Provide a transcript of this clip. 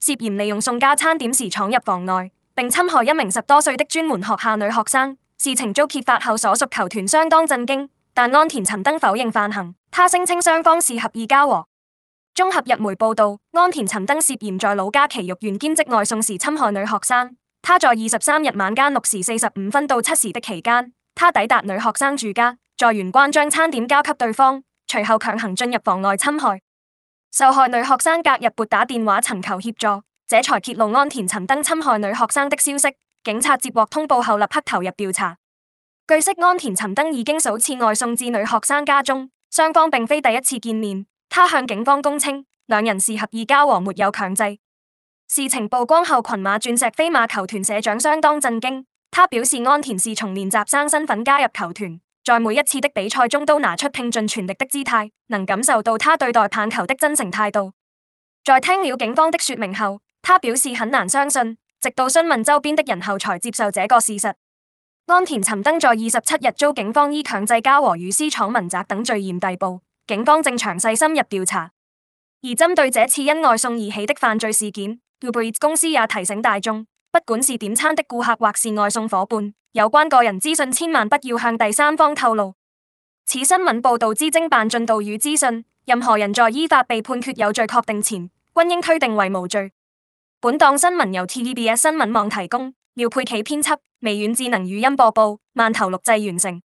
涉嫌利用送交餐點時闖入房內，并侵害一名十多歲的專門學校女學生。事情遭揭發後，所屬球團相當震驚，但安田尋登否認犯行，他聲稱雙方是合意交合。綜合日媒報道，安田尋登涉嫌在老家埼玉縣兼職外送時侵害女學生。他在二十三日晚間六時四十五分到七時的期間，他抵達女學生住家，在玄關將餐點交給對方，隨後強行進入房內侵害。受害女學生隔日撥打電話尋求協助，這才揭露安田尋登侵害女學生的消息。警察接獲通報後，立刻投入調查。據悉，安田尋登已經數次外送至女學生家中，雙方並非第一次見面。他向警方供稱，兩人是合意交往，沒有強制。事情曝光後，群馬鑽石飛馬球團社長相當震驚，他表示安田是從練習生身份加入球團。在每一次的比賽中都拿出拼盡全力的姿態，能感受到他對待棒球的真誠態度。在聽了警方的說明後，他表示很難相信，直到詢問周邊的人後才接受這個事實。安田尋登在二十七日遭警方依強制交和、與私闖民宅等罪嫌逮捕，警方正詳細深入調查。而針對這次因外送而起的犯罪事件，Uber 公司也提醒大眾，不管是點餐的顧客或是外送夥伴。有關個人資訊，千萬不要向第三方透露。此新聞報道之偵辦進度與資訊，任何人在依法被判決有罪確定前，均應推定為無罪。本檔新聞由 TBS 新聞網提供，廖佩琪編輯，微軟智能語音播報，慢頭錄製完成。